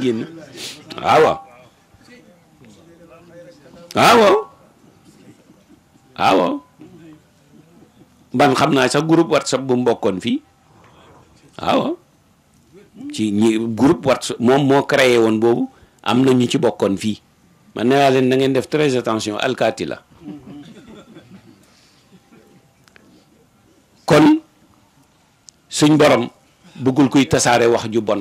génn waaw waaw waaw xam naa sax groupe whatsapp bu mbokkoon fii waaw ci groupe whatsapp moom moo créé woon boobu am na ñu ci bokkoon fii ma ne naa leen na ngeen def très attention alkaati la kon suñ borom bëggul kuy tasaare wax ju bon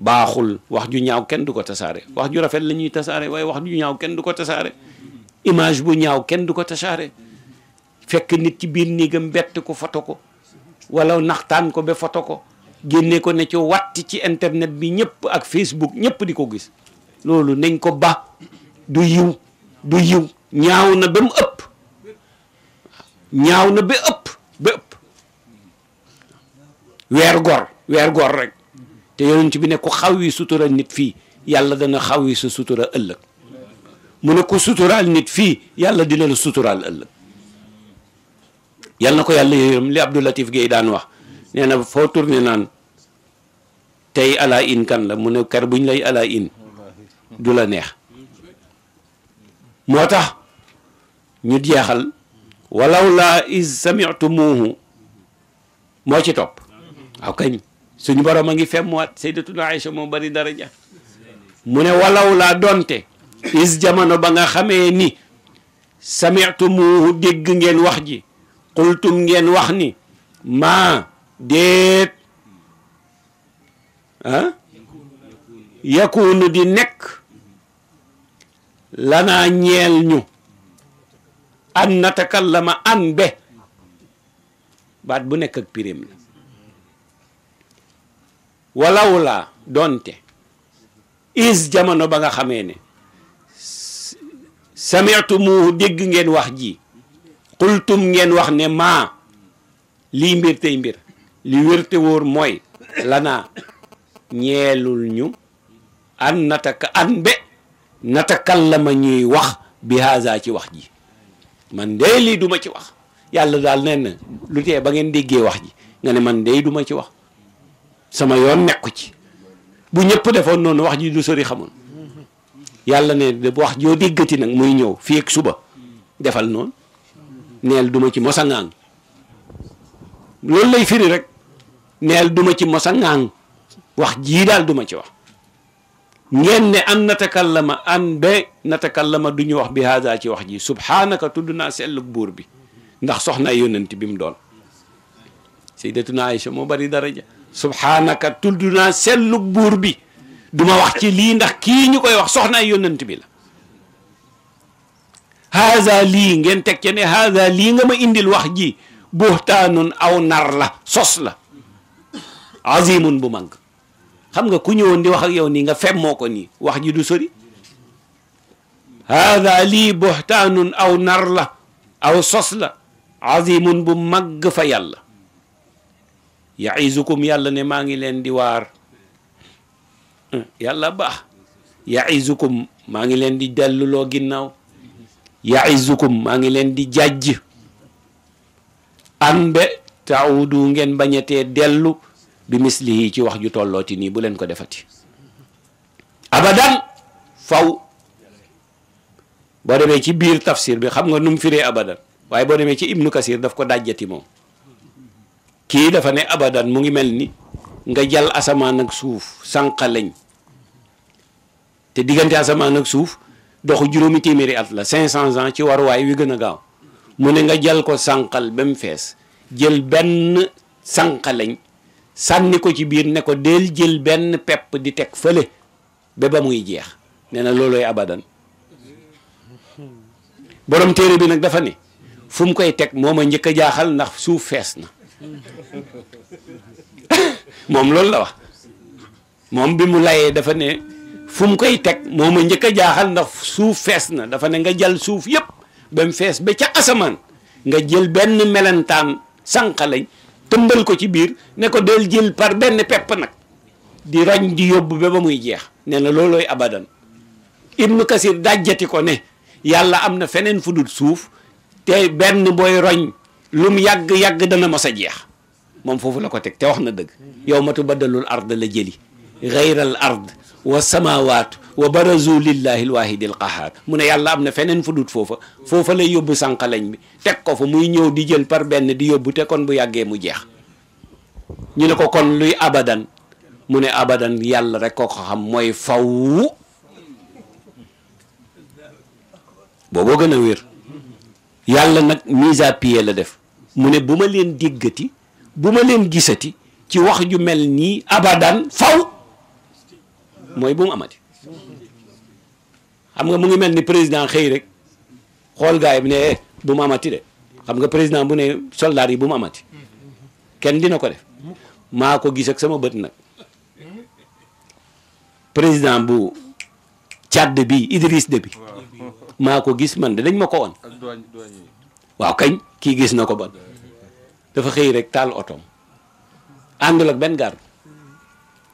baaxul wax ju ñaaw kenn du ko tasaare wax ju rafet la ñuy tasaare waaye wax ju ñaaw kenn du ko tasaare image bu ñaaw kenn du ko tasaare fekk nit ci biir néegam bett ko foto ko wala naxtaan ko be foto ko génne ko ne ci wàtt ci internet bi ñëpp ak Facebook ñëpp di ko gis loolu nañ ko ba du yiw du yiw ñaaw na ba mu ëpp weer gor weer gor rekk te yonent bi ne ku xaw yi sutural nit fii yàlla dana xaw yi sa sutura ëllëg mu ne ku suturaal nit fii yàlla dina la suturaal ëllëg yàlla na ko yàlla yërëm li Abdou Latif Guèye daan wax nee na foo tourné naan tey ala in kan la mu ne kër buñ lay ala in du la neex moo tax ñu jeexal walaw laa is sami'tumuhu moo ci topp waaw kañ suñu borom a ngi femmuwaat sayyidatuna Aïcha moo bari daraja mu ne walaw laa donte is jamono ba nga xamee ni sami'tumuhu dégg ngeen wax ji qultum ngeen wax ni maa déet ah yakunu di nekk lanaa ñeel ñu an natakallama an be baat bu nekk ak pirim la walawlaa laa doonte is jamono ba nga xamee ne sami'tumuhu dégg ngeen wax ji qultum ngeen wax ne maa li mbir tey mbir li wérte wóor mooy lana ñeelul ñu an nataka an be natakallama ñuy wax bi haza ci wax ji man de lii duma ci wax yàlla daal nee na lu tee ba ngeen déggee wax ji nga ne man de duma ci wax sama yoon nekku ci bu ñëpp defoon noonu wax ji du sori xamoon yàlla ne de wax joo déggati nag muy ñëw fii ak suba defal noonu neel duma ci mosa ŋaang loolu lay firi rek neel duma ci mosa ŋaang wax jii daal duma ci wax ngeen ne an natakallama an be natakallama du ñu wax bi haada ci wax ji subhaanaka tudd naa selluk buur bi ndax soxna yonent bi mu doon sayyidatuna Aïcha moo bari daraja subhaanaka tudd naa sellu buur bi ma wax ci lii ndax kii ñu koy wax soxna yónnant bi la haza lii ngeen teg ce ne haza lii nga ma indil wax ji buxtaanun aw nar la sos la azimun bu mag xam nga ku ñëwoon di wax ak yow nii nga fem moo ko nii wax ji du sori haada lii buxtaanun aw nar la aw sos la azimun bu mag fa yàlla yaisukum yàlla ne maa ngi leen di waar hmm, yàlla baax yaisukum maa ngi leen di delluloo ginnaaw yaisukum maa ngi leen di jàjj an be taawudu ngeen bañetee dellu bi mislihi ci wax ju tollooti nii bu leen ko defati abadan faw boo demee ci biir tafsir bi xam nga nu mu firee abadan waaye boo demee ci ibnu kasir def ko dajjati moom kii dafa ne abadan mu ngi mel ni nga jàll asamaan ak suuf sànqa te diggante asamaan ak suuf doxu juróomi téeméeri at la 500 ans ci waruwaay wi gën a gaaw mu ne nga jàll ko sànqal ba mu fees jël benn sànqa sànni ko ci biir ne ko del jël benn pepp di teg fële ba ba muy jeex ne na loolooy abadan boroom téere bi nag dafa ne fu koy teg moo ma njëkk a jaaxal ndax suuf fees na moom loolu la wax moom bi mu layee dafa ne fu mu koy teg moom a njëkk a jaaxal ndax suuf fees na dafa ne nga jël suuf yëpp ba mu fees ba ca asamaan nga jël benn melentaan sànqalañ tëmbal ko ci biir ne ko del jël par benn pepp nag di roñ di yóbbu ba muy jeex ne na loolooy abadan ibnu kasir dajjati ko ne yàlla am na feneen fu dul suuf te benn booy roñ lum yàgg-yàgg dana mos a jeex moom foofu la ko teg te wax na dëgg yow matu baddalul ard la jëli gayral ard wa samawaatu wa barazu lillahi alwahidi alqahar mu ne yàlla am na feneen fu dut foofa foofa lay yóbbu sànqaleñ bi teg ko fa muy ñëw di jël par benn di yóbbu te kon bu yàggee mu jeex ñu ne ko kon luy abadan mu ne abadan yàlla rek ko ko xam mooy faw booboo gën a wér yàlla nag mise à la def mu ne bu ma leen déggati bu ma leen gisati ci wax ju mel nii abadan faw mooy bu mu amati xam nga mu ngi mel ni président xëy rek xool gaay bi ne eh, bu mu amati de xam nga président bu ne soldaar yi bu mu amati kenn dina ko def maa ko gis ak sama bët nag président bu Tchad bi Idriss Déby maa ko gis man de dañ ma ko woon waaw kañ kii gis na ko bon dafa xëy rek taal otoom àndul ak benn garde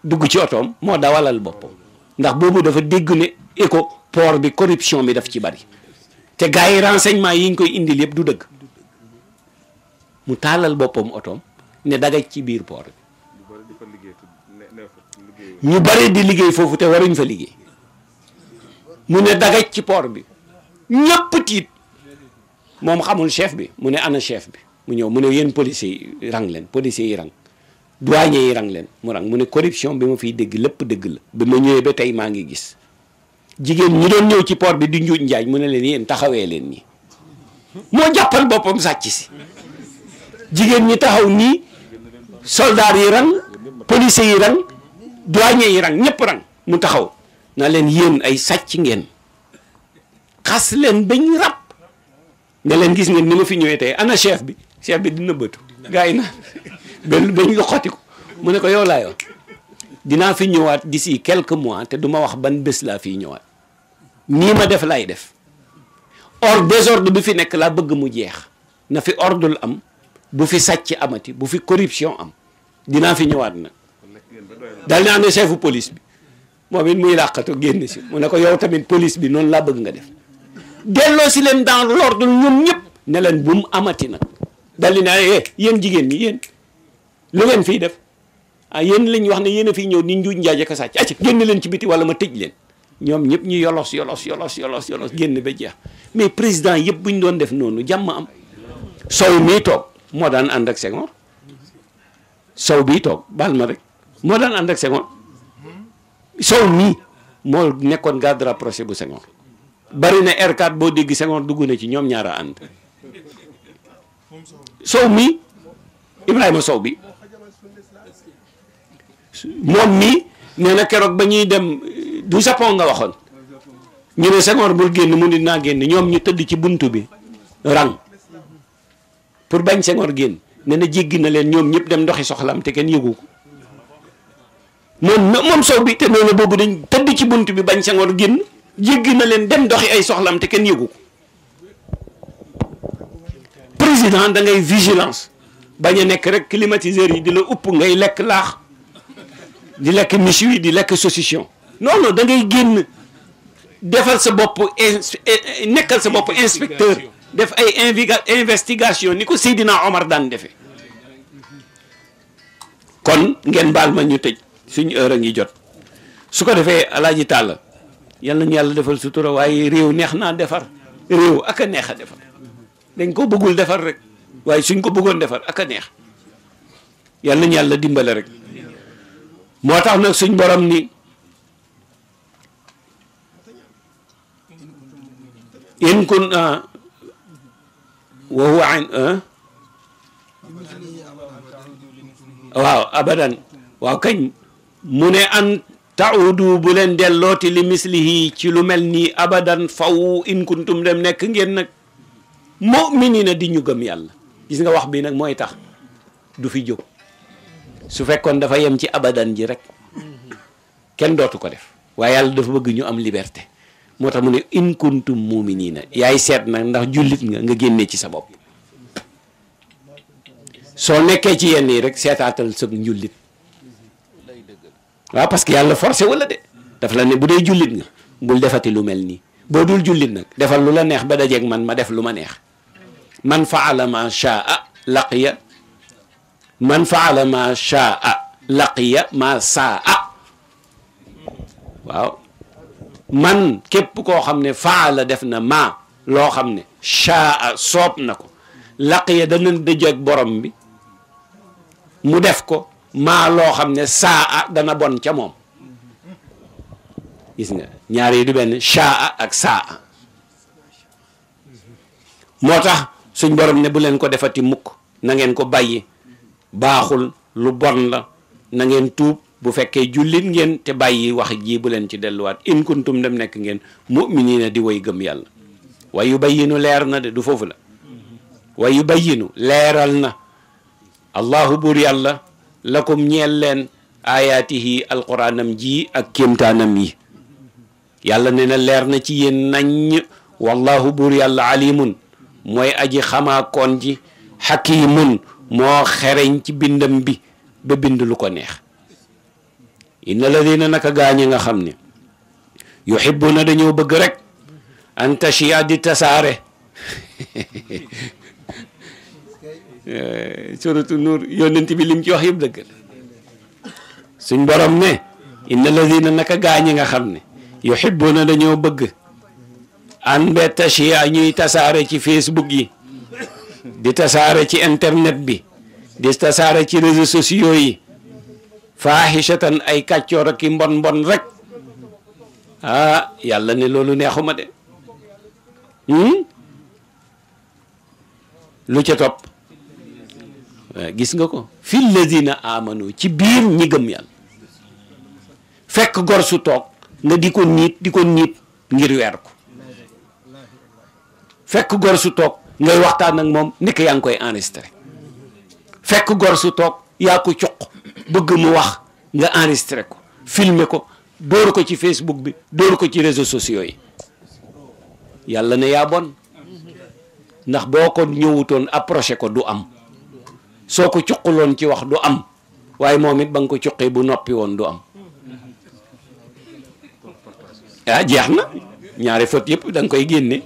dugg ci otoom moo dawalal boppam ndax boobu dafa dégg ne éco poor bi corruption bi daf ci bari te gaa yi renseignement yi ñu koy indil yëpp du dëgg mu taalal boppam otoom ne dagaj ci biir poor bi ñu bari di liggéey foofu te waruñ fa liggéey mu ne dagaj ci poor bi ñëpp tiit moom xamul chef bi mu ne ana chef bi mu ñëw mu ne yéen policiers yi rang leen policiers yi rang douaniers yi rang leen mu rang mu ne corruption bi ma fiy dégg lépp dégg la ba ma ñëwee ba tey maa ngi gis jigéen ñi doon ñëw ci port bi di njuuj njaaj mu ne leen yéen taxawee leen nii moo jàppal boppam sàcc si jigéen ñi taxaw nii soldaar yi rang policiers yi rang douaniers yi rang ñëpp rang mu taxaw na leen yéen ay sàcc ngeen xas leen bañ rab ne leen gis ngeen ni ma fi ñëwee tey ana chef bi cheikh bi di nëbbatu gars yi naan benn benn xotti ko mu ne ko yow laay wax dinaa fi ñëwaat d'ici quelque mois te du ma wax ban bés laa fiy ñëwaat nii ma def laay def or désordre bi fi nekk laa bëgg mu jeex na fi ordre am bu fi sàcc amati bu fi corruption am dinaa fi ñëwaat nag daal ne am na chefu police bi moom it muy làqatu génn si mu ne ko yow tamit police bi noonu laa bëgg nga def delloo si leen dans l'ordre ñoom ñëpp ne leen bu mu amati nag dalli di naa eh yéen jigéen ñi yéen lu ngeen fii def ah yéen lañ wax ne yéen a fiy ñëw ni njuuj njaaj ak a sàcc génn leen ci biti wala ma tëj leen ñoom ñëpp ñu yolos yolos yolos yolos yolos génn ba jeex mais président yëpp bu ñu doon def noonu jàmm am sow mii toog moo daan ànd ak Senghor sow bii toog baal ma rek moo daan ànd ak Senghor sow nekkoon garde rapproché bu Senghor bari na R4 boo dégg Senghor dugg na ci ñoom ñaara ànd sow mi Ibrahima sow bi moom mii nee na keroog ba ñuy dem du Japon nga waxoon ñu ne Senghor bul génn mu ni naa génn ñoom ñu tëdd ci bunt bi rang pour bañ Senghor génn nee na jéggi na leen ñoom ñëpp dem ndoxi soxlaam te kenn yëgu ko moom moom sow bi te nee na boobu dañ tëdd ci bunt bi bañ Senghor génn jéggi na leen dem ndoxi ay soxlaam te kenn yëgu ko président da ngay vigilance bañ a nekk rek climatiseur yi di la upp ngay lekk laax di lekk michu yi di lekk saucisson non non génn defal sa bopp eh, eh, nekkal sa bopp inspecteur def ay investigation ni ko Seydina Omar daan defe kon ngeen baal ma ñu tëj suñu heure a ngi jot su ko defee alaaji tàll yal nañu yàlla defal sutura waaye réew neex naa defar réew ak a neex a defar dañ ko bëggul defar rek waaye suñ ko bëggoon defar ak a neex yal nañu yàlla dimbale rek moo tax nag suñ borom ni in kun wa huwa ah? waaw abadan waaw kañ mu ne an taudu bu leen dellooti li mislihi ci lu mel nii abadan faw in kuntum dem nekk ngeen nag mu'minina di ñu gëm yàlla gis nga wax bi nag mooy tax du fi jóg su fekkoon dafa yem ci abadan ji rek kenn dootu ko def waaye yàlla dafa bëgg ñu am liberté moo tax mu ne in kuntum mu'minina yaay seet nag ndax jullit nga nga génnee ci sa bopp soo nekkee ci yenn yi rek seetaatal sa njullit waaw parce que yàlla forcé walla de daf la ne bu dee jullit nga bul defati lu mel nii boo dul jullit nag defal lu la neex ba dajeeg man ma def lu ma neex man faala ma shaa laqiya man faala ma shaa laqiya ma saa man képp koo xam ne faala def na ma loo xam ne shaa soob na ko laqiya dana dëjeeg borom bi mu def ko maa loo xam ne saa dana bon ca moom gis nga ñaar yi du benn shaa ak saa moo tax suñ borom ne bu leen ko defati mukk nangeen ko bàyyi baaxul lu bon la na ngeen tuub bu fekkee jullit ngeen te bàyyi wax jii bu leen ci delluwaat in kuntum dem nekk ngeen mu'minina di way gëm yàlla way yu bayyinu leer na de du foofu la way yu bayyinu leeral na allahu buur yàlla lakum ñeen leen ayaatihi alxuraanam ji ak kéemtaanam yi yàlla ne na leer na ci yéen naññ wallahu buur yàlla alimun mooy aji xamaakoon ji xakiimun moo xereñ ci bindam bi ba bind lu ko neex inna alladina naka gaañi nga xam ne yuhibbuna dañoo bëgg rek an tashia di tasaare suratu nuur yonent bi lim ci wax yëpp dëgg suñ borom ne inna alladina naka gaañi nga xam ne yuhibbuna dañoo bëgg an be tashiya ñuy tasaare ci facebook yi di tasaare ci internet bi di tasaare ci réseaux sociaux yi faahishatan ay kàccoor ak i mbon mbon rek ah yàlla ne loolu neexuma de hmm? lu ca topp eh, gis nga ko fi lazina amanu ci biir ñi gëm yàlla fekk gor su toog nga di ko niit di ko niit ngir weer ko fekk gor su toog ngay waxtaan ak moom ni yaa ngi koy enregistré fekk gor su toog yaa ko cuq bëgg mu wax nga enregistré ko filmer ko dóor ko ci Facebook bi dóor ko ci réseau sociaux yi yàlla ne yaa bon ndax boo ko ñëwutoon approché ko du am soo ko cuquloon ci wax du am waaye moom it ba nga ko cuqee bu noppi woon du am ah, jeex na ñaari faute yëpp danga koy génne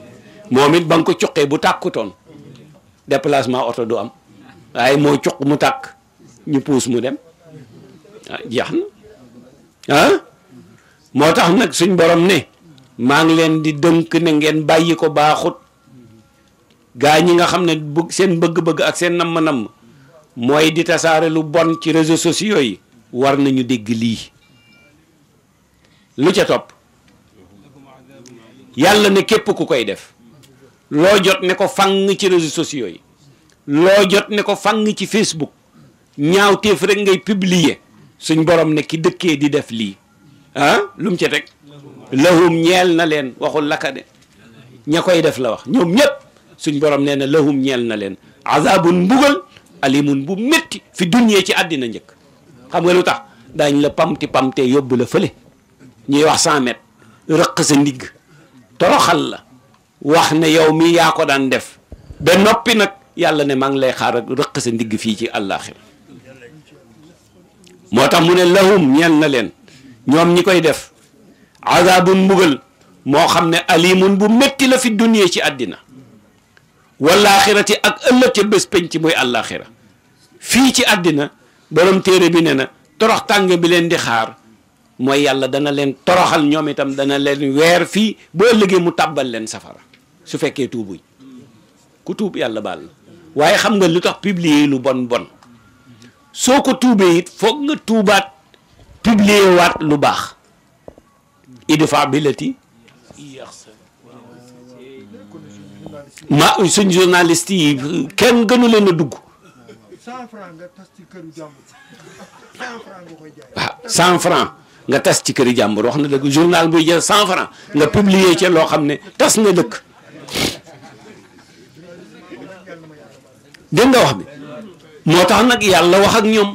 moom it ba nga ko cuqee bu tàkkutoon déplacement oto du am waaye moo cuq mu tàkk ñu puus mu dem ah jeex na ah moo tax nag suñ borom ne maa ngi leen di dënk ne ngeen bàyyi ko baaxut gaa ñi nga xam ne bëgg seen bëgg-bëgg ak seen namm-namm mooy di tasaare lu bon ci réseaux sociaux yi war nañu dégg lii lu ca topp yàlla ne képp ku koy def loo jot ne ko fang ci réseaux sociaux yi loo jot ne ko fang ci Facebook ñaaw téef rek ngay publier suñ borom ne ki dëkkee di def lii ah lu mu ca teg lahum ñeel na leen waxul laka de ña koy def la wax ñoom ñëpp suñ borom nee na lahum ñeel na leen azabun mbugal alimun bu métti fi dunyee ci àddina njëkk xam nga lu tax daañ la pamti pamte yóbbu la fële ñuy wax cent mètres rëq sa ndigg toroxal la wax ne yow mii yaa ko daan def ba noppi nag yàlla ne maa ngi lay xaar ak rëq sa ndigg fii ci àllaaxira moo tax mu ne lahum ñeel na leen ñoom ñi koy def azabun mbugal moo xam ne alimun bu métti la fi dunya ci àddina wallaaxirati ak ëllëg ca bés penc muy àllaaxira fii ci àddina borom téere bi ne na torox tàng bi leen di xaar mooy yàlla dana leen toroxal ñoom itam dana leen weer fii boo ëllëgee mu tàbbal leen safara su fekkee tuubuñ ku tuub yàlla baal la waaye xam nga lu tax publier lu bon bon soo ko tuubee it foog nga tuubaat publier waat lu baax idfa billati ma suñ journaliste yi kenn gënu leen dugg waaw cent franc nga tas ci këri jàmbur wax na dëgg journal buy jël cent franc nga publier ca loo xam ne tas na dëkk dégg nga wax bi moo tax nag yàlla wax ak ñoom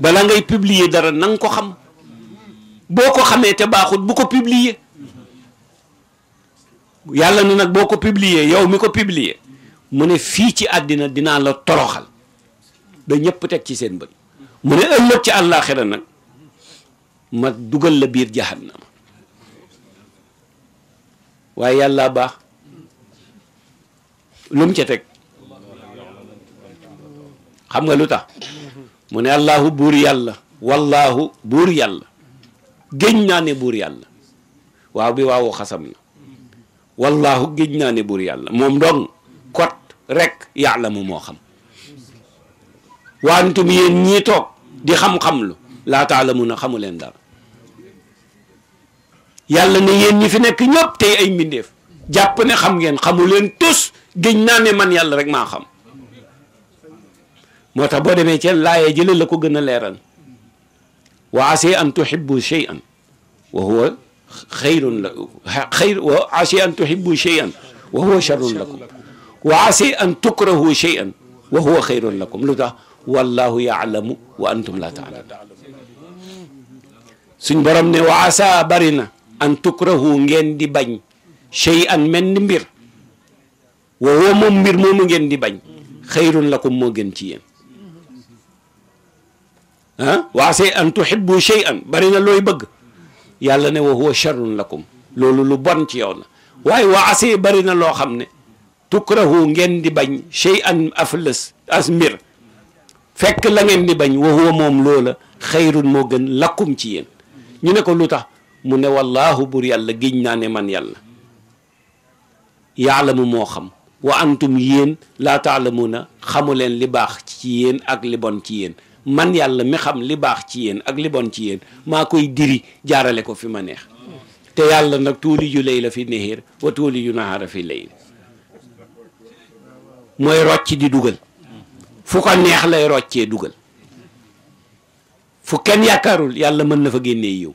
balaa ngay publier dara na nga ko xam boo ko xamee te baaxut bu ko publier yàlla na nag boo ko publier yow mi ko publier mu ne fii ci àddina dinaa la toroxal ba ñëpp teg ci seen bët mu ne ëllëg ci àllaaxira nag ma dugal la biir jahannama waaye yàlla baax lu mu ca teg xam nga lu ta mu ne allahu buur yàlla wallahu buur yàlla géñ naa ne buur yàlla waaw bi waawu xasam na wallahu géñ naa ne buur yàlla moom dong kot rek yàlla mu moo xam waantum yéen ñii toog di xam-xam lu laa taalamu na xamu leen daal yàlla ne yéen ñi fi nekk ñëpp tey ay mbindeef jàpp ne xam ngeen xamu leen tus géñ naa ne man yàlla rek maa xam moo tax boo demee ci laayee jële la ko gën a leeral wa ase an tuhibbu shay'an wa huwa xayrun la xayr wa ase an tuhibbu shay'an wa huwa sharrun lakum wa ase an tukrahu shay'an wa huwa xayrun lakum lu tax wallahu yaalamu wa antum la taalamun suñ borom ne wa asa bari na an tukrahu ngeen di bañ shay'an mel ni mbir wa huwa moom mbir moomu ngeen di bañ xayrun lakum moo gën ci yéen ah waase an tuhibbu shay'an bari na looy bëgg yàlla ne wa huwa sharrun lakum loolu lu bon ci yow na waaye waase bari na loo xam ne tukrahu ngeen di bañ shay'an aflas as mbir fekk la ngeen di bañ wa huwa moom loola xayrun moo gën lakum ci yéen ñu ne ko lu tax mu ne wallaahu bur yàlla giñ naa ne man yàlla yaalamu moo xam wa antum yéen laa taalamuuna xamu leen li baax ci yéen ak li bon ci yéen man yàlla mi xam li baax ci yéen ak li bon ci yéen maa koy diri jaarale ko fi ma neex te yàlla nag tuuli yu lay la fi nehir wa tuuli yu nahaara fi layl mooy rocc di dugal fu ko neex lay roccee dugal fu kenn yaakaarul yàlla mën na fa génnee yiw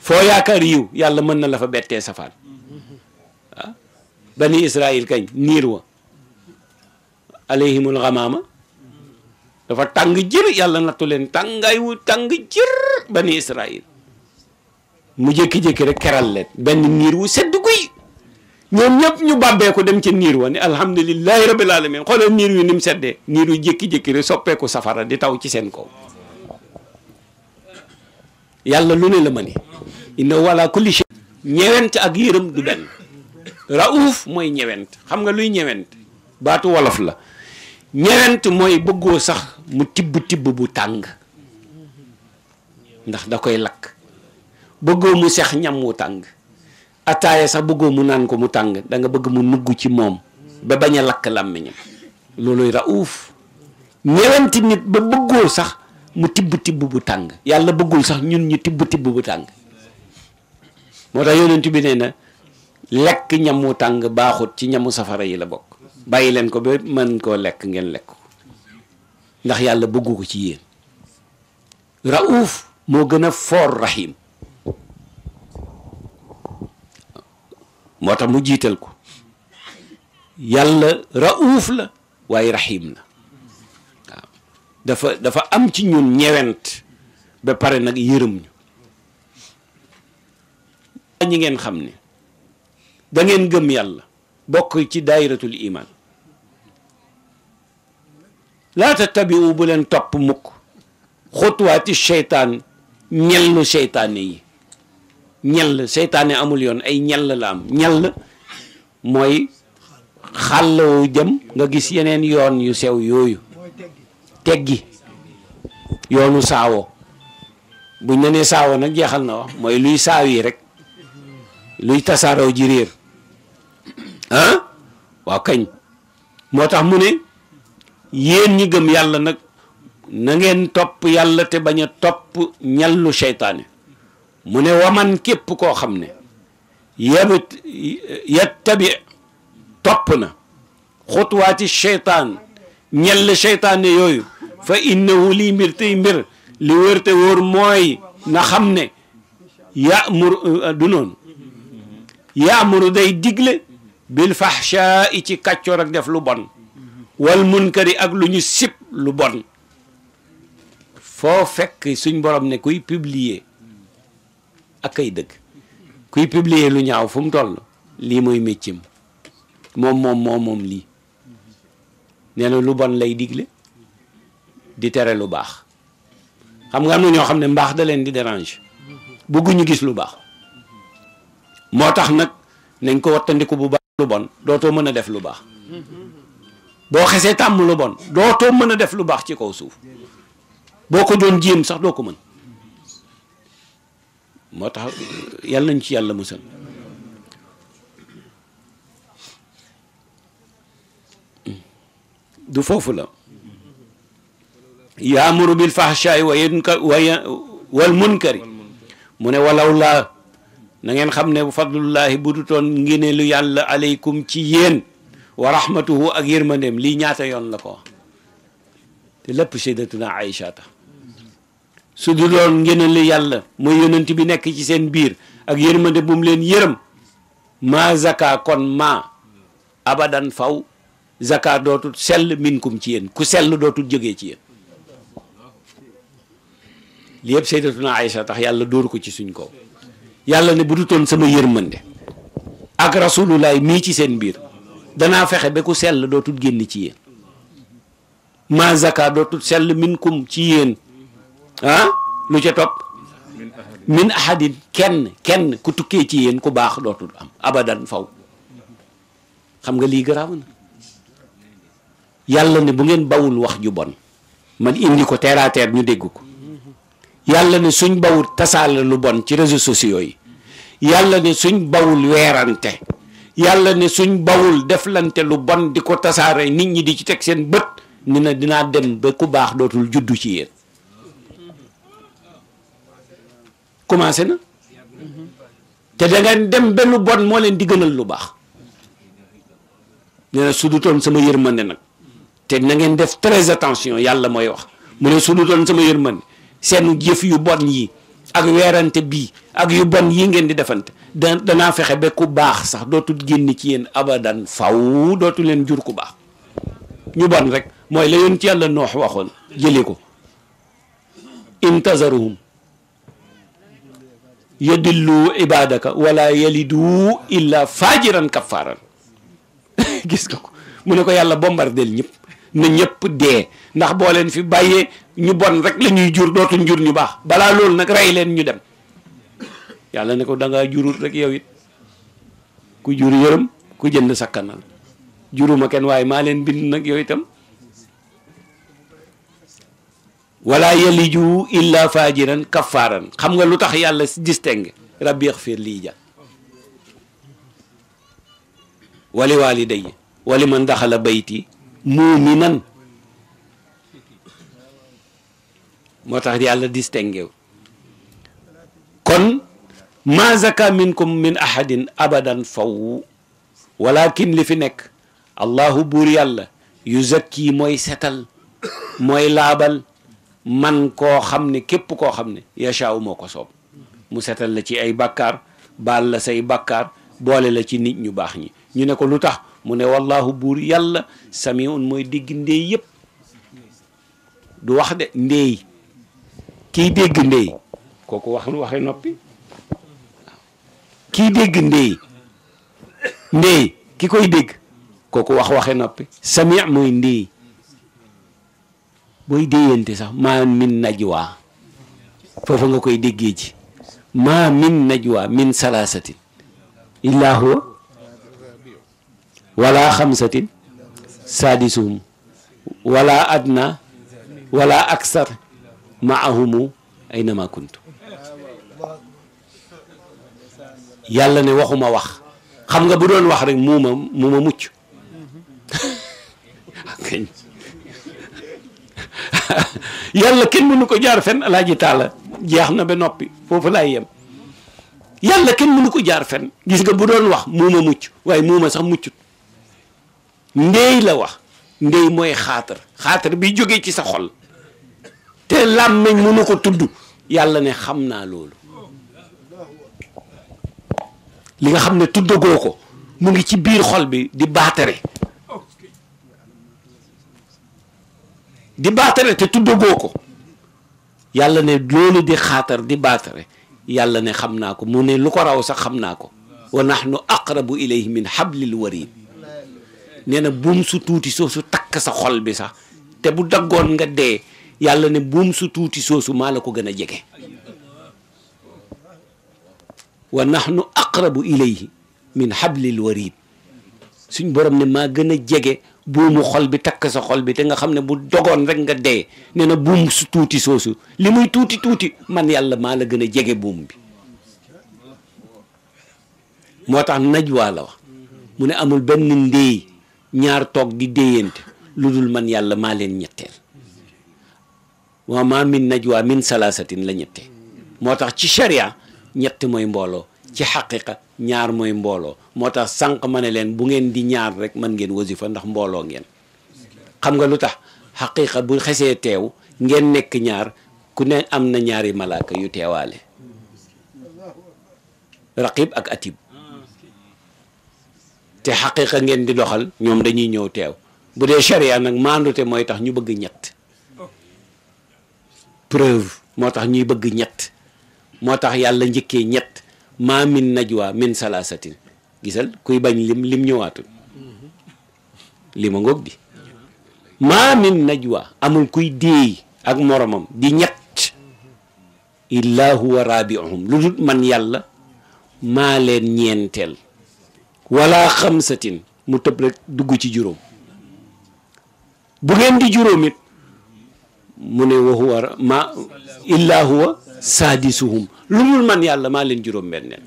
foo yaakaar yiw yàlla mën na la fa bettee safaan ah bani israil kañ niir wa alayhimul xamaama dafa tàng jër yàlla nattu leen tàngaay wu tàng jër bani Israël mu jëkki jékki rek keral leen benn niir wu sedd guy ñoom ñëpp ñu bàbbeeku dem ca niir wa ne alhamdulillahi rabbil alamin xoolal niir wi ni mu seddee niir wu jékki-jékki rek soppeeku safara di taw ci seen kaw yàlla lu ne la ma ni inna wala kulli shay ñewent ak yërëm du benn raouf mooy ñewent xam nga luy ñewent baatu wolof la ñeent mooy bëggoo sax mu tibb tibb bu tàng ndax da koy lakk bëggoo mu sex ñam wu tàng ataaya sax bëggoo mu naan ko mu tàng danga bëgg mu nugg ci moom ba bañ a lakk làmmiñam looluy raouf ñewanti nit ba bëggoo sax mu tibb tibb bu tàng yàlla bëggul sax ñun ñu tibb tibb bu tàng moo tax yonent bi nee na lekk ñam ñamu tàng baaxut ci ñamu safara yi la bokk bàyyi leen ko ba mën koo lekk ngeen lekk ko ndax yàlla bëggu ko ci yéen raouf moo gën a foor raxiim moo tax mu jiital ko yàlla raouf la waaye rahim la waaw dafa dafa am ci ñun ñewent ba pare nag yërëm ñu ñi ngeen xam ne da ngeen gëm yàlla bokk ci daayiratul iman laata tattabi'u bu leen topp mukk xutuwaati seytaan ñellu seytaane yi ñell seytaane amul yoon ay ñell la am ñell mooy xàlloo jëm nga gis yeneen yoon yu sew yooyu teggi yoonu saawo buñ ne nee saawo nag jeexal na wax mooy luy saaw yi rek luy tasaaroo ji réer ah waaw kañ moo tax mu ne yéen ñi gëm yàlla nag na ngeen topp yàlla te bañ topp ñallu seytaane mu ne waman képp koo xam ne yabit yattabi topp na xutwaati seytaan ñell seytaane yooyu fa innahu lii mbir tey mbir li wër te mooy na xam ne yaamuru du noonu yaamuru day digle bil fahshaa i ci kàccoor ak def lu bon wal munkari ak lu ñu sib lu bon foo fekk suñ borom ne kuy publier ak ay dëgg kuy publier lu ñaaw fu mu toll lii mooy méccam moom moom moom moom lii nee na lu bon lay digle di tere lu baax xam nga am na ñoo xam ne mbaax da leen di dérange bëgguñu gis lu baax moo tax nag nañ ko wattandiku bu baax lu bon dootoo mën a def lu baax boo xesee tàmm lu bon dootoo mën a def lu baax ci kaw suuf boo ko doon jéem sax doo ko mën moo tax yàlla nañ ci yàlla musal du foofu la yaamuru bil fahshaay wa yunka wa wal munkari mu ne wallaw laa na ngeen xam ne fadlullahi bu du toon ngéneelu yàlla aleykum ci yéen wa rahmatuhu ak yërmandeem lii ñaata yoon la ko wax te lépp sayyidatuna Aïcha ta su du loon ngëneel yàlla mooy yonent bi nekk ci seen biir ak yërmande bu mu leen yërëm maa zaka kon maa abadan faw zaka dootul sell minkum ci yéen ku sell dootul jóge ci yéen li yëpp sayyidatuna Aïcha tax yàlla door ko ci suñ kaw yàlla ne bu dutoon sama yërmande ak rasulullaay mii ci seen biir danaa fexe ba ku sell dootul génn ci yéen ma zaka dootul sell minkum ci yéen ah lu ca topp min ahadin kenn kenn ku tukkee ci yéen ku baax dootul am abadan faw xam nga lii garaaw na yàlla ne bu ngeen bawul wax ju bon man indi ko terre ñu dégg ko yàlla ne suñ bawul tasaale lu bon ci réseaux sociaux yi yàlla ne suñ bawul weerante yàlla ne suñ bawul deflante lu bon di ko tasaaree nit ñi di ci teg seen bët ni na dinaa dem ba ku baax dootul juddu ci yéen commencé na te da ngeen dem benn bon moo leen di gënal lu baax nee na su dutoon sama yërmande nag te na ngeen def très attention yàlla mooy wax mu ne su dutoon sama yërmande seen jëf yu bon yi ak weerante bii ak yu bon yi ngeen di defante danaa fexe ba ku baax sax dootul génn ci yéen abadan faw dootu leen jur ku baax ñu bon rek mooy la yoon ci yàlla noox waxoon jëlee ko intazaruhum yadillu ibadaka wala yalidu illa fajiran kafaran gis nga ko mu ne ko yàlla bombardel ñëpp na ñëpp dee ndax boo fi bàyyee ñu bon rek la jur dootuñ jur ñu baax balaa loolu nag rey leen ñu dem yàlla ne ko danga ngaa jurut rek yow it ku jur yërëm ku jënd sakkanal juruma kenn waaye maa leen bind nag yow itam wala yaliju illa fajiran kaffaaran xam nga lu tax yàlla distingue rabbi yaxfir lii ja wali waalidayya wali man daxala bayti muminan moo tax yàlla distingué wu kon ma zaka minkum min ahadin abadan faw walakin li fi nekk allahu buur yàlla yu zakki mooy setal mooy laabal man koo xam ne képp koo xam ne yashaaw moo ko soob mu setal la ci ay bàkkaar baal la say bakkaar boole la ci nit ñu baax ñi ñu ne ko lu tax mu ne wallahu buur yàlla samiun mooy dégg ndéey yëpp du wax de ndéey ki dégg ndey kooku waxe noppi kiy dégg ndey ndey ki koy dégg kooku wax waxe noppi sami mooy ndey booy déyante sax maa min najwa foofa nga koy déggee ji maa min najwa min salaasatin illaa huwa wala xamsatin saadisuhum wala adna wala aksar maahumu aynama kuntu yàlla ne waxuma wax xam nga bu doon wax rek muuma muuma mucc kañ yàlla kenn nu ko jaar fen alaaji taala jeex na ba noppi foofu laay yem yàlla kenn mënu ko jaar fen gis nga bu doon wax muuma mucc waaye muuma sax muccut ndey la wax ndey mooy xaatar xaatar bi jógee ci sa xol te làmmiñ mënu ko tudd yàlla ne xam naa loolu li nga xam ne tuddagoo ko mu ngi ci biir xol bi di baatare di baatare te tuddagoo ko yàlla ne loolu di xaatar di baatare yàlla ne xam naa ko mu ne lu ko raw sax xam naa ko wa nahnu aqrabu ilayhi min hablil warid nee na buum su tuuti soo su takk sa xol bi sax te bu daggoon nga dee yàlla ne buum su tuuti soosu maa la ko gën a jege wa nahnu aqrabu ilayhi min hablil warid suñ borom ne maa gën a jege buumu xol bi takk sa xol bi te nga xam ne bu dogoon rek nga dee nee na buum su tuuti soosu li muy tuuti tuuti man yàlla maa la gën a jege buum bi moo tax najwa la wax mu ne amul benn ndéey ñaar toog di déeyante lu dul man yàlla maa leen ñetteel wa ma min waa min salaasatin la ñette moo tax ci sharia ñett mooy mbooloo ci xaqiqa ñaar mooy mbooloo moo tax sànq ma ne leen bu ngeen di ñaar rek mën ngeen fa ndax mbooloo ngeen xam nga lu tax xaqiqa bu xesee teew ngeen nekk ñaar ku ne am na ñaari malaaka yu teewaale raqib ak atib te xaqiqa ngeen di doxal ñoom dañuy ñëw teew bu dee sharia nag maandute mooy tax ñu bëgg ñett preuve moo tax ñuy bëgg ñett moo tax yàlla njëkkee ñett maa min najwa min salaasatin gisal kuy bañ lim lim ñëwaatul lima ngoog di maa min najwa amul kuy déey ak moromam di ñett illa huwa rabiuhum lu dul man yàlla maa leen ñeenteel wala xamsatin mu tëb rek dugg ci juróom bu ngeen di juróom mu ne wa ma illa huwa saadisuhum lu mul man yàlla maa leen juróom-benneel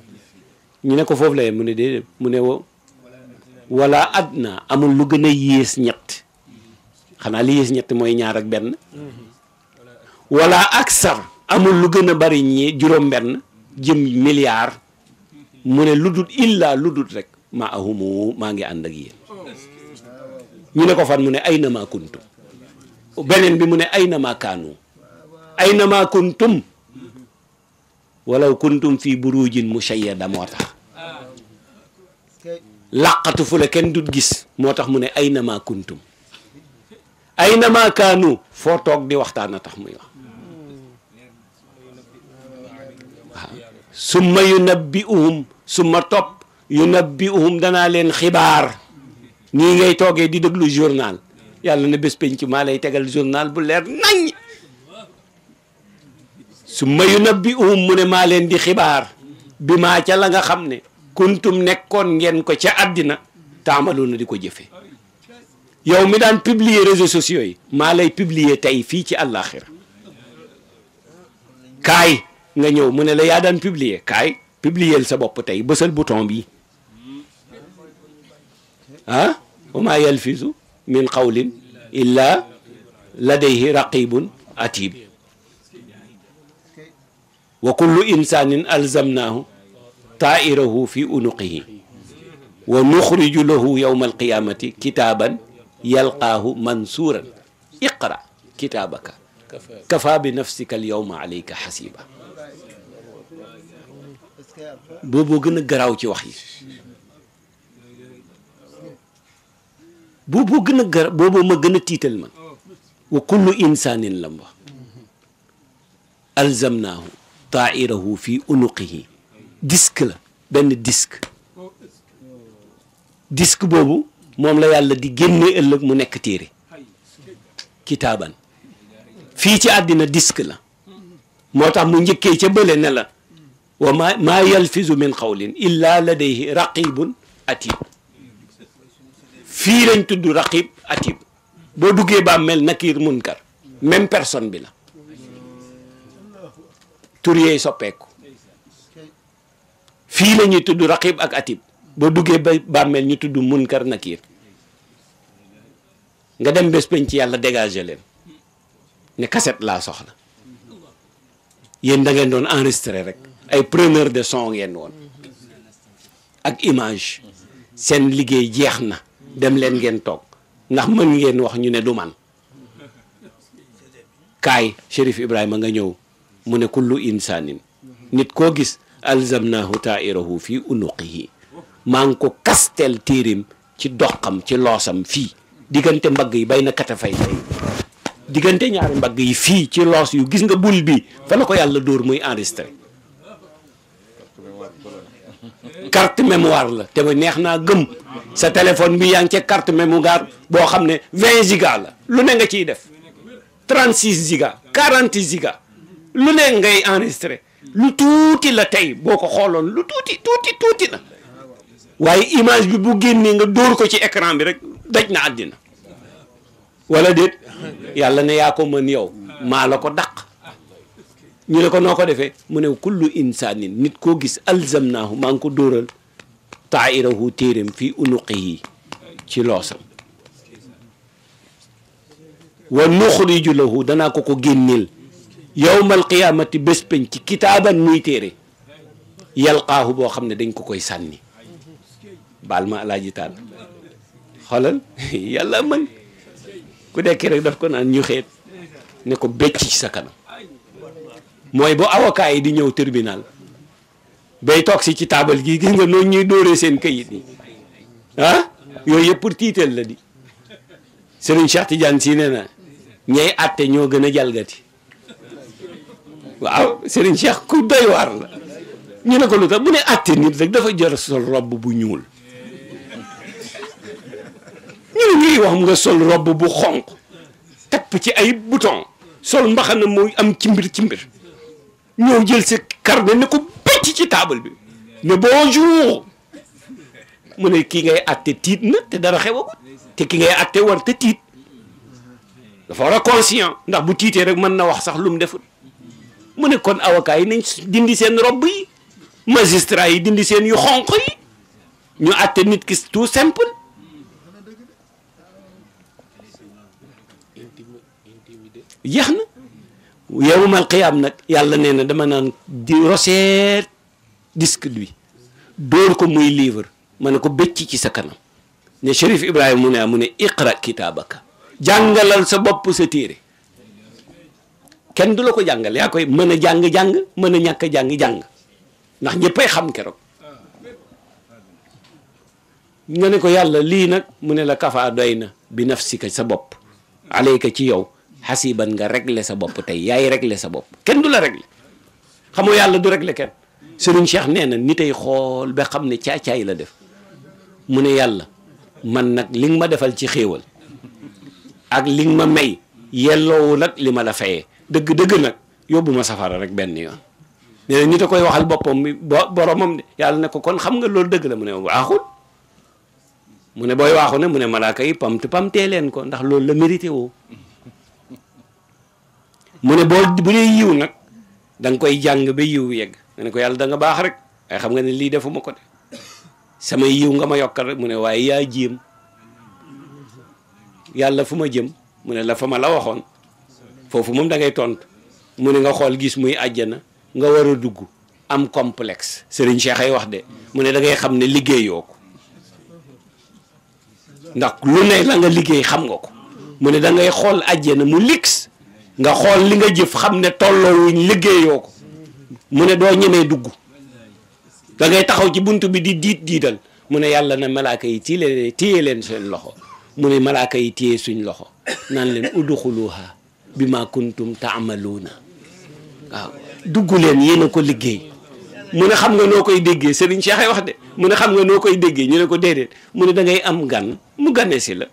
ñu ne ko foofu la mu ne déedéet mu ne wo adna amul lu gën a yées ñetti xanaa li yées ñett mooy ñaar ak benn wala aksar amul lu gën a bari ñi juróom-benn jëm milliard mu ne lu dul illa lu dul rek maa ahumu maa ngi ànd ak yéen ñu ne ko fan mu ne ay na maa kuntum beneen bi mu ne ay na kaanu ay na maa kuntum walaw kuntum fii burujin mushayyada moo tax làqatu fu kenn dut gis moo tax mu ne ay na kuntum ay na maa kaanu foo toog di waxtaan a tax muy wax waaw summa yunabbi'uhum summa topp yunabbi'uhum leen xibaar nii ngay toogee di déglu journal yàlla na bés penc maa lay tegal journal bu leer nañ su mayu nab um mu ne maa leen di xibaar bi maa ca la nga xam ne kuntum nekkoon ngeen ko ca addina taamalu na di ko jëfe yow mi daan publier réseaux sociaux yi maa lay publier tey fii ci àllaaxira kaay nga ñëw mu ne la yaa daan publier kaay publier sa bopp tey bësal bouton bii ah wa maa yalfizu min qawlin illa ladayhi raqibun atib wa kullu insanin alzamnaahu taairahu fi unuqihi wa nuxriju lahu yowma alqiyamati kitaaban yalqaahu mansuuran iqra kitaabaka kafa bi nafsika alyowma alayka xasiba booboo gën a garaaw ci wax yi boobu gën a gën a tiital man oh. wa kullu insanin lam wax alzamnaahu fi unuqihi disque la benn oh, disque disque boobu moom la yàlla di génne ëllëg mu nekk téere kitaaban fii ci àddina disque la moo tax mu njëkkee ca bële ne la wa ma maa min qawlin illa ladayhi raqibun atid fii lañ tudd raqib atib boo duggee ba mel nakir munkar même personne bi la tur yee soppeeku fii la ñuy tudd raqib ak atib boo duggee ba bàmmeel ñu tudd munkar nakiir nga dem bés penc ci yàlla dégagé leen ne cassette laa soxla yéen da ngeen doon enregistré rek ay preneur de son ngeen woon ak image seen liggéey jeex na dem leen ngeen toog ndax mën ngeen wax ñu ne du man kaay Chérif Ibrahima nga ñëw mu ne kullu insaanin nit koo gis alzamnahu taa'irahu fii unuqihi maa ngi ko kastel téerim ci doxam ci loosam fii diggante mbagg yi bay na kata fay diggante ñaari mbagg yi fii ci loos yu gis nga bul bi fa la ko yàlla dóor muy enregistré carte mémoire la te neex naa gëm sa téléphone bi yaa ngi ca carte mémoire boo xam ne 20 giga la lu ne nga ciy def 36 giga 40 giga lu ne ngay enregistré lu tuuti la tey boo ko xooloon lu tuuti tuuti tuuti na waaye image bi bu génnee nga dóor ko ci écran bi rek daj na àddina wala déet yàlla ne yaa ko mën yow maa la ko dàq ñu ne ko noo ko defee mu ne kul insaanin nit koo gis alzamnaahu maa ngi ko dóoral taairahu téeréem fii unuqihi ci loosam wa nuxriju lahu danaa ko ko génneel yowmal qiyaamati bés peñ ci kitaaban yalqaahu boo xam ne dañ ko koy sànni baal ma alaaji taal xoolal yàlla mën ku dekki rek daf ko naan ñu xeet ne ko becc ci sa kanam mooy bu avocat yi di ñëw tribunal bay toog si ci taabal gi gis nga noonu ñuy dóoree seen kayit yi ah yooyu yëpp pour tiital la di Serigne Cheikh Tidiane si nee na ñay àtte ñoo gën a jalgati waaw Serigne Cheikh ku doy waar la ñu ne ko lu tax bu ne àtte nit rek dafa jër sol robb bu ñuul ñu ngi wax nga sol robb bu xonq tepp ci ay bouton sol mbaxana mooy am cimbir cimbir ñëw jël sa carnet ne ko bëcc ci taabal bi boo bonjour mu ne ki ngay atte tiit na te dara xewagut te ki ngay atte war te tiit dafa war a conscient ndax bu tiitee rek mën na wax sax lu mu deful mu ne kon avocat yi nañ dindi seen robb yi magistrat yi dindi seen yu xonq yi ñu atte nit ki tout simple yeex na yowmal qiyaam nag yàlla nee na dama naan di roseet disque bi dóor ko muy livre ma ne ko bëcc ci sa kanam ne Cherif Ibrahima mu ne mu ne iqra kitaabaka jàngalal sa bopp sa téere kenn du la ko jàngal yaa koy mën a jàng-jàng mën a ñàkk a jàng-jàng ndax ñëppay xam keroog nga ne ko yàlla lii nag mu ne la kafaa doy na bi nafsika sa bopp alayka ci yow xasiban nga régler sa bopp tey yaay régler sa bopp kenn du la régler xamoo yàlla du régler kenn sëriñ Cheikh nee na nitay xool ba xam ne caacaay la def mu ne yàlla man nag li nga ma defal ci xéewal ak li ma may yelloowul la li ma la fayee dëgg-dëgg nag yóbbu ma safara rek benn yoon nee na nit a koy waxal boppam bo boromam yàlla ne ko kon xam nga loolu dëgg la mu ne waaxul mu ne booy waaxu ne mu ne malaaka yi pamte pamtee leen ko ndax loolu la mérité woo mu ne boo bu dee yiw nag danga koy jàng ba yiw yegg nga ne ko yàlla da nga baax rek waaye xam nga ne lii ma ko de sama yiw nga ma yokkal rek mu ne waaye yaa jéem yàlla fu ma jëm mu ne la fa ma la waxoon foofu moom da ngay tontu mu ne nga xool gis muy àjjana nga war a dugg am complex Serigne Cheikh ay wax de mu ne da ngay xam ne liggéeyoo ko ndax lu ne la nga liggéey xam nga ko mu ne dangay xool àjjana mu lix nga xool li nga jëf xam ne tolloowuñ liggéeyoo ko mu ne doo ñemee dugg dangay taxaw ci bunt bi di diit diital mu ne yàlla na malaaka yi tii leen téye leen seen loxo mu ne malaaka yi téye suñ loxo naan leen udxuluha bi ma kuntum taamaluuna waaw dugg leen yéen a ko liggéey mu ne xam nga noo koy déggee Serigne Cheikh ay wax de mu ne xam nga noo koy déggee ñu ne ko déedéet mu ne da ngay am gan mu gane si la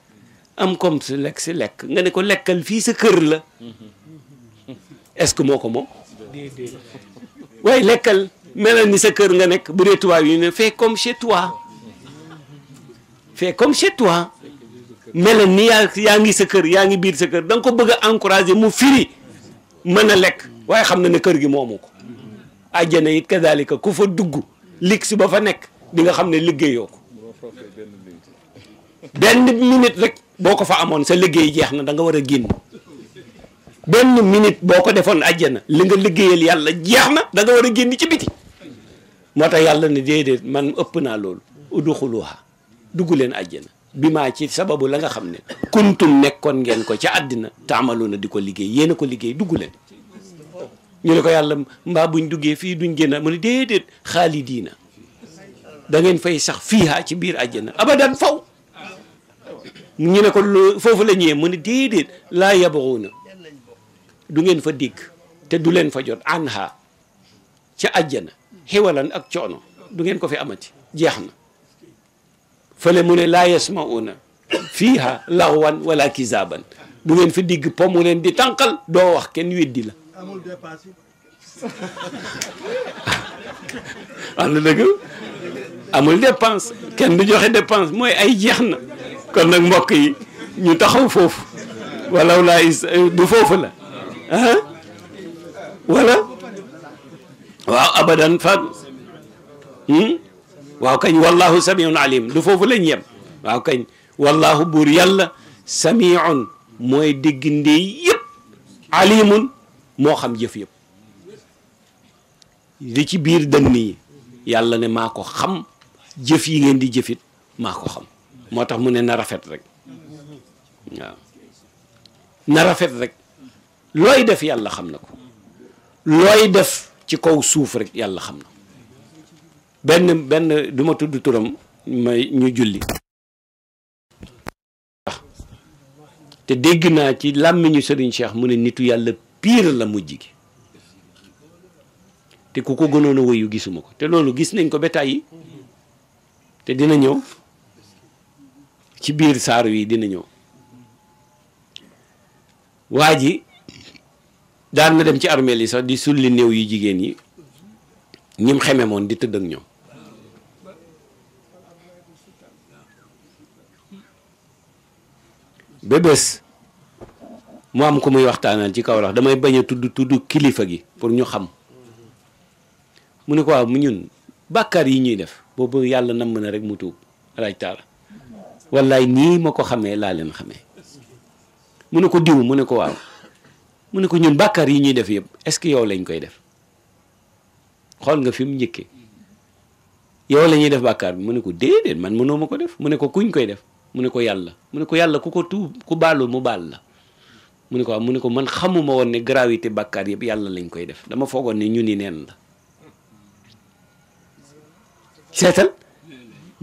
am comme si lekk si lekk nga ne ko lekkal fii sa kër la est-ce que moo ko moom waaye lekkal melal ni sa kër nga nekk bu dee tubaab yi ne fais comme chez toi fais comme chez toi melal ni yaa yaa ngi sa kër yaa ngi biir sa kër da nga ko bëgg a encourager mu firi mën a lekk waaye xam na ne kër gi moomu ko àjjana it kadalika ku fa dugg lig si ba fa nekk di nga xam ne liggéeyoo ko benn minute rek boo ko fa amoon sa liggéey jeex na danga war a génn benn minute boo ko defoon àjjana li nga liggéeyal yàlla jeex na danga war a génn ci biti moo tax yàlla ne déedéet man ëpp naa loolu uduxuluha dugg leen àjjana bi ma ci sababu la nga xam ne kuntum nekkoon ngeen ko ca àddina taamalu na di ko liggéey yéen ko liggéey dugg leen ñu ne ko yàlla mbaa buñ duggee fii duñ génn a mu ne déedéet xaalidiina da ngeen fay sax fiiha ci biir àjjana abadan faw ñu ne ko lu foofu la ñëwee mu ne déedéet laa yabaruuna du ngeen fa dégg te du leen fa jot anha ca àjjana xewalan ak coono du ngeen ko fi amati jeex na fa fële mu ne laa yasmauna fiiha laxwan wala kizaaban du ngeen fi digg po mu di tànqal doo wax kenn weddi la am na dëgg amul dépense kenn du joxe dépense mooy ay jeex na kon nag mbokk yi ñu taxaw foofu walaw wala waaw abadan fa hmm? waaw kañ wallahu samiun alim du foofu lañ yem waaw kañ wallahu buur yàlla samiun mooy digginde yëpp alimun moo xam jëf yëpp li ci biir dënn yi yàlla ne maa ko xam jëf yi ngeen di jëfit maa xam moo tax mu ne na rafet rek waaw na rafet rek looy def yàlla xam na ko looy def ci kaw suuf rek yàlla xam na benn benn du ma tudd turam may ñu julli te dégg naa ci làmmiñu Serigne Cheikh mu ne nitu yàlla pire la mu gi te ku ko gënoon a woyu gisuma ko te loolu gis nañ ko ba tàyyi te dina ñëw ci biir saaru yi dina ñëw waa ji daan ma dem ci armeel yi sax di sulli néew yi jigéen yi ñim xeme moon di tëdd ak ñoom ba bés mu am ko muy waxtaanal ci kaw lax damay bañ a tudd tudd kilifa gi pour ñu xam mu ne ko am mu ñun bàkkaar yi ñuy def boobu yàlla namm na rek mu tuub alaaj wallaay nii ma ko xamee laa leen xamee mu ne ko diw mu ne ko waaw mu ne ko ñun bàkkaar yi ñuy def yëpp est-ce que yow lañ koy def xool nga fi mu njëkkee yow lañuy def bàkkaar bi mu ne ko déedéet man mënoo ko def mu ne ko kuñ koy def mu ne ko yàlla mu ne ko yàlla ku ko tuub ku baalu mu baal la mu ne ko mu ne ko man xamuma woon ne gravité bàkkaar yëpp yàlla lañ koy def dama foogoon ne ñu ni neen la seetal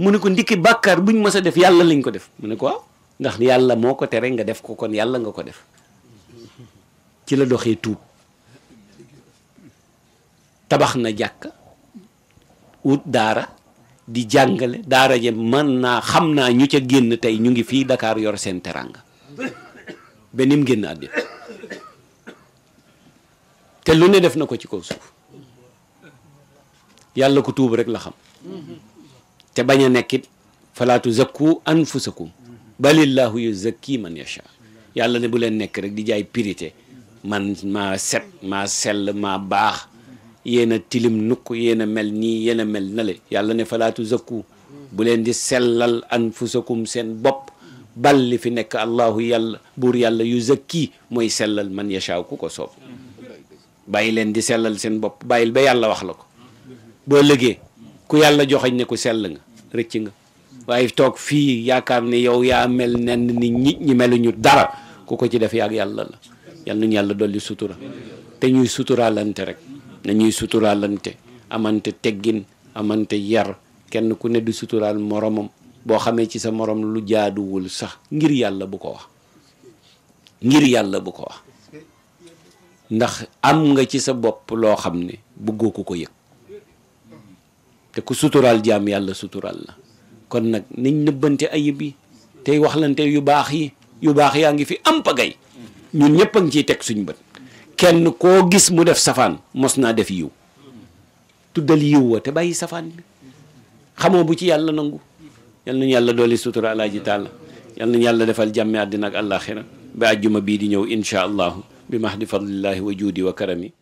mu ne ko ndikki bàkkaar buñ mës a def yàlla lañ ko def mu ne ko waaw ndax yàlla moo ko tere nga def ko kon yàlla nga ko def ci la doxee tuub tabax na jàkk wut daara di jàngale daara je man naa xam naa ñu ca génn tey ñu ngi fii dakaar yor seen teranga ba nim génn àddina te lu ne def na ko ci kaw suuf yàlla ko tuub rek la xam te bañ a nekkit falaatu zakku anfusakum balillahu yuzakki man yasha yàlla ne bu leen nekk rek di jaay pirité man maa set maa sell maa baax yéen a tilim nukk yéen a mel nii yéen mel nale yàlla ne falaatu zakku bu leen di sellal anfusakum seen bopp bal li fi nekk allahu yàlla buur yàlla yu zakki mooy sellal man yashaaw ku ko soob bàyyi leen di sellal seen bopp bàyyil ba yàlla wax la ko boo lëgee ku yàlla joxañ ne ko sell nga rëcc nga waaye toog fii yaakaar ne yow yaa mel nenn nit ñi ñi meluñu dara ku ko ci def yaag yàlla la yal nañu yàlla dolli sutura te ñuy suturaalante rek na ñuy suturaalante amante teggin amante yar kenn ku ne du suturaal moromam boo xamee ci sa morom lu jaaduwul sax ngir yàlla bu ko wax ngir yàlla bu ko wax ndax am nga ci sa bopp loo xam ne bëggoo ku ko yëg te ku suturaal jaam yàlla sutural la kon nag niñ nëbbante ayib yi tey waxlante yu baax yi yu baax yaa ngi fi am pagay ñun ñëpp a ngi ciy teg suñ bët kenn koo gis mu def safaan mos naa def yiw tuddal yiw wa te bàyyi safaan bi xamoo bu ci yàlla nangu yal yàlla dooli sutura alaaji taala yal nañu yàlla defal jàmme àddina ak àllaaxira ba àjjuma bii di ñëw incha allahu bi mahdi fadlillahi wa juudi wa karami